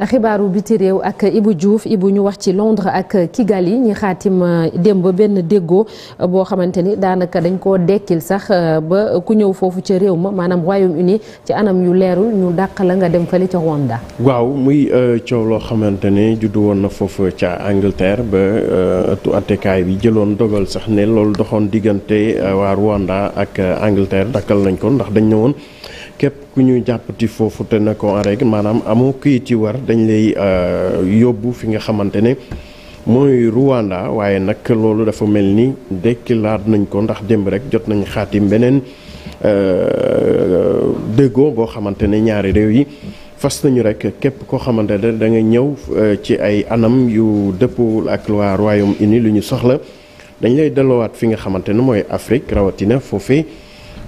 xibaaru biti réew ak Ibou Diouf Ibou ñu wax ci Londres ak yi ñi xaatim euh, démb benn déggoo boo xamante ni daanaka dañ ko dekkil sax euh, ba ku ñëw foofu ca réew ma maanaam Royaume-Uni ci anam yu leerul ñu dàq la nga dem fële ca Rwanda. waaw muy euh, coow loo xamante ne juddu woon na foofu ca Angleterre ba tu attekaay bi jëloon dogal sax ne loolu doxoon diggante waa Rwanda ak Angleterre dakkal nañ ko ndax dañ ne woon. képp ku ñu jàppati foofu te na ko en maanaam amoo kayit yi war dañ lay euh, yóbbu fi nga xamante ne mooy Rwanda waaye nag loolu dafa mel ni laat nañ ko ndax démb rek jot nañu xaatim beneen euh, déggoo boo xamante ne ñaari réew yi fas nañu rek képp koo xamante ne da nga ñëw euh, ci ay anam yu dëppowul ak waa Royaume-Uni lu ñu soxla dañ lay delluwaat fi nga xamante ne mooy Afrique rawatina foofu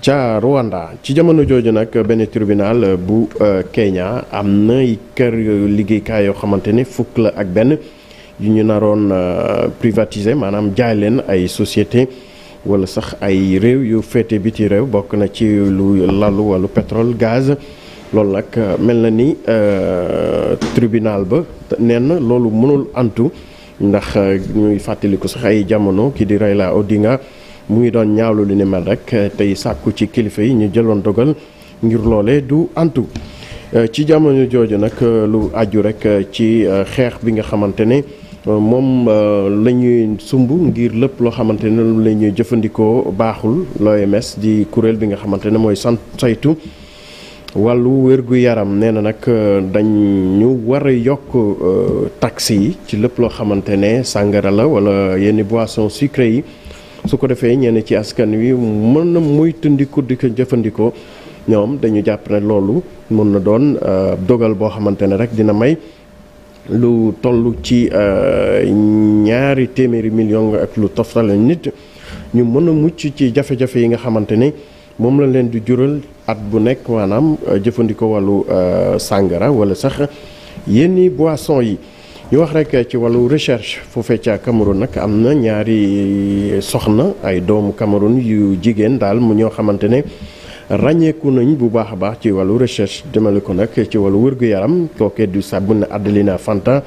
ca Rwanda ci jamono jooju nag benn tribunal bu euh, Kenya am na kër liggéeykaay yoo xamante ne fukk la ak benn yu ñu naroon euh, privatiser maanaam jaay leen ay société wala sax ay réew yu féete biti réew bokk na ci lu lalu wala pétrole gaz loolu nag euh, mel na ni tribinal ba nen loolu mënul antu ndax ñuy fàttaliku sax ay jamono ki di Raila Odinga mu ngi doon ñaawlu li ni mel rek eh, tey sàkku ci kilifa yi ñu jëloon dogal ngir loole du antu eh, ci jamono jooju nag eh, lu aju rek ci xeex bi nga xamante ne moom la ñuy sumb ngir lépp loo xamante ne la ñuy jëfandikoo baaxul mes di kuréel bi nga xamante ne mooy sant saytu wàllu wér-gu-yaram nee na nag dañ ñu war a yokk taxes yi ci lépp loo xamante ne sàngara la wala yenn boissons sucrées yi su ko defee ñenn ci askan wi mën na muy tundiku di ko jëfandikoo ñoom dañu jàppale loolu mën na doon euh, dogal boo xamante ne rek dina may lu toll ci euh, ñaari téeméeri million ak lu toftale nit ñu mën a mucc ci jafe-jafe yi nga xamante ne moom la leen di jural at bu nekk waanaam jëfandikoo wàllu euh, sàngara wala sax yenni boisson yi ñu wax rek ci wàllu recherche foofee ca Cameroun nag am na ñaari soxna ay doomu Cameroun yu jigéen daal mu ñoo xamante ne ràññeeku nañ bu baax a baax ci wàllu recherche demale ko nag ci wàllu wërgu-yaram kooke du na Adelina Fanta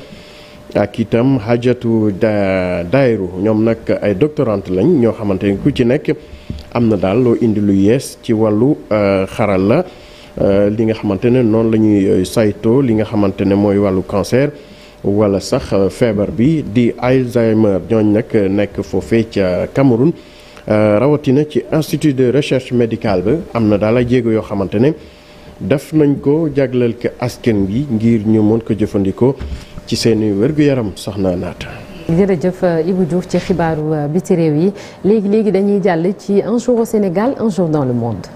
ak itam Hajatu da Dayru ñoom nag ay doctorante lañ ñoo xamante ne ku ci nekk am na daal loo indi lu yees ci wàllu euh, xaral la euh, li nga xamante ne noonu la ñuy euh, saytoo li nga xamante ne mooy wàllu cancer wala sax euh, feebar bi di Alzheimer ñooñ nag nekk foofee ca Cameroun euh, rawatina ci institut de recherche médical ba am na daal ay jéego yoo xamante ne def nañ ko jagleel ko askan bi ngir ñu mën ko jëfandikoo ci seeni wér-gu-yaram soxna naata jërëjëf euh, Ibou Diouf ci xibaaru biti réew yi léegi léegi dañuy jàll ci un jour au Sénégal un jour dans le monde.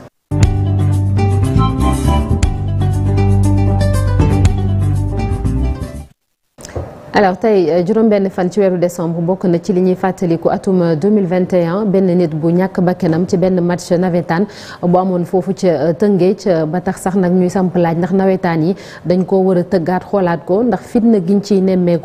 alors tey euh, juróom-benn fan ci weeru décembre bokk na ci li ñuy fàttaliku atum 2021 benn nit bu ñàkk bakkanam ci benn match nawetaan bu amoon foofu ca euh, Tëngéej euh, ba tax sax nag ñuy samp laaj ndax nawetaan yi dañ koo war a tëggaat xoolaat ko ndax fitna giñ ciy nemmeeku